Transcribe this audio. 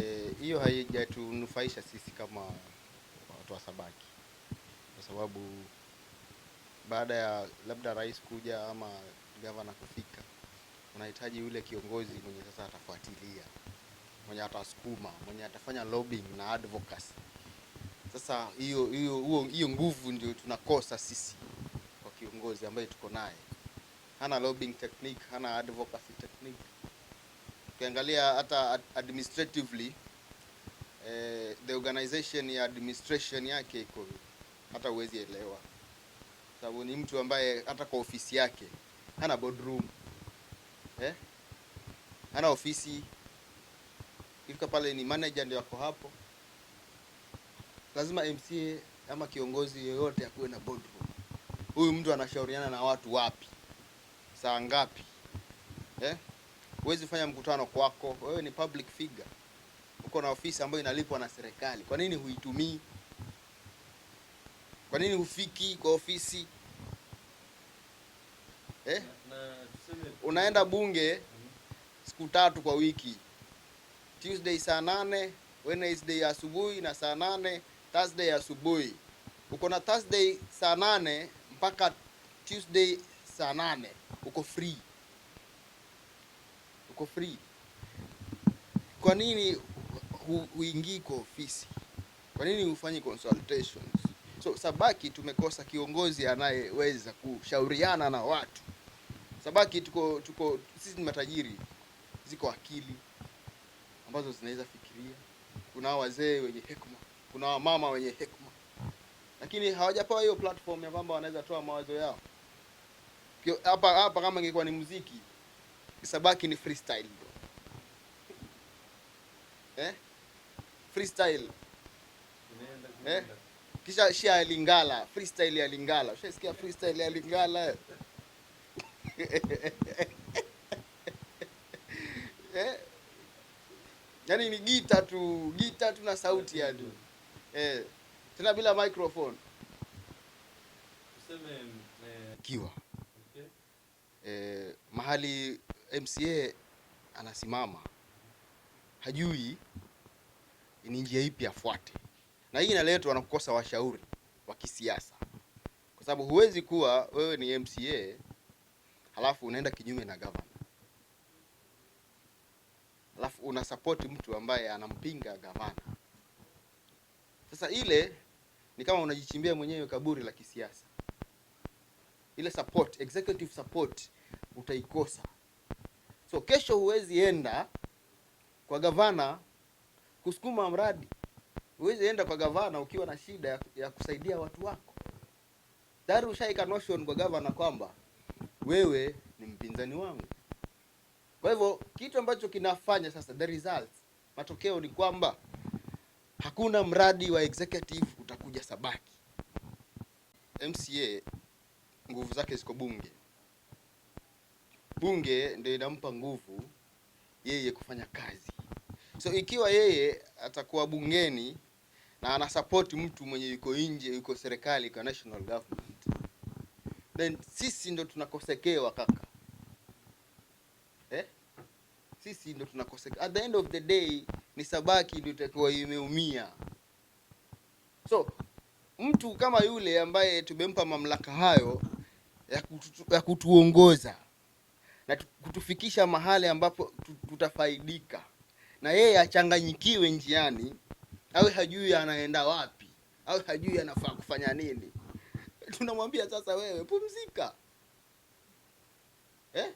Eh, hiyo e, haijatunufaisha sisi kama watu wa Sabaki kwa sababu baada ya labda rais kuja ama gavana kufika, unahitaji yule kiongozi mwenye sasa atafuatilia, mwenye atasukuma, mwenye atafanya lobbying na advocacy. Sasa hiyo hiyo hiyo nguvu ndio tunakosa sisi kwa kiongozi ambaye tuko naye, hana lobbying technique, hana advocacy technique. Tukiangalia hata administratively eh, the organization ya administration yake iko hata huwezi elewa, sababu ni mtu ambaye hata kwa ofisi yake hana boardroom eh, hana ofisi ifika pale ni manager ndio yako hapo. Lazima MCA ama kiongozi yoyote akuwe na boardroom. Huyu mtu anashauriana na watu wapi, saa ngapi eh? Huwezi fanya mkutano kwako, wewe ni public figure, uko na ofisi ambayo inalipwa na serikali. Kwa nini huitumii? Kwa nini hufiki kwa ofisi eh? Unaenda bunge siku tatu kwa wiki, Tuesday saa nane, Wednesday asubuhi na saa nane, Thursday asubuhi. Uko na Thursday saa nane mpaka Tuesday saa nane, uko free yako free. Kwa nini huingii kwa ofisi? Kwa nini hufanyi consultations? So Sabaki tumekosa kiongozi anayeweza kushauriana na watu. Sabaki tuko tuko sisi ni matajiri, ziko akili ambazo zinaweza fikiria. Kuna wazee wenye hekima, kuna wamama wenye hekima, lakini hawajapewa hiyo platform ya kwamba wanaweza toa mawazo yao hapa hapa. Kama ingekuwa ni muziki Sabaki ni freestyle bro, eh? Freestyle eh? Kisha shia ya Lingala, freestyle ya Lingala. Ushaisikia freestyle ya Lingala? eh? Yaani ni gita tu, gita tu na sauti ya tu. Eh, tena bila microphone. Tuseme eh, kiwa. Okay. Eh, mahali MCA anasimama, hajui ni njia ipi afuate, na hii inaletwa na kukosa washauri wa kisiasa, kwa sababu huwezi kuwa wewe ni MCA halafu unaenda kinyume na gavana halafu support mtu ambaye anampinga gavana. Sasa ile ni kama unajichimbia mwenyewe kaburi la kisiasa. Ile support, executive support utaikosa. So kesho huwezi enda kwa gavana kusukuma mradi, huwezi enda kwa gavana ukiwa na shida ya, ya kusaidia watu wako. Tayari ushaika notion kwa gavana kwamba wewe ni mpinzani wangu. Kwa hivyo kitu ambacho kinafanya sasa, the results, matokeo ni kwamba hakuna mradi wa executive utakuja Sabaki. MCA nguvu zake ziko bunge bunge ndio inampa nguvu yeye kufanya kazi. So ikiwa yeye atakuwa bungeni na anasapoti mtu mwenye yuko nje, yuko serikali, kwa national government, then sisi ndo tunakosekewa kaka eh? Sisi ndo tunakoseka. At the end of the day ni sabaki ndio itakuwa imeumia. So mtu kama yule ambaye tumempa mamlaka hayo ya, kutu, ya kutuongoza na kutufikisha mahali ambapo tutafaidika, na yeye achanganyikiwe njiani, awe hajui anaenda wapi, awe hajui anafaa kufanya nini. Tunamwambia sasa, wewe pumzika eh?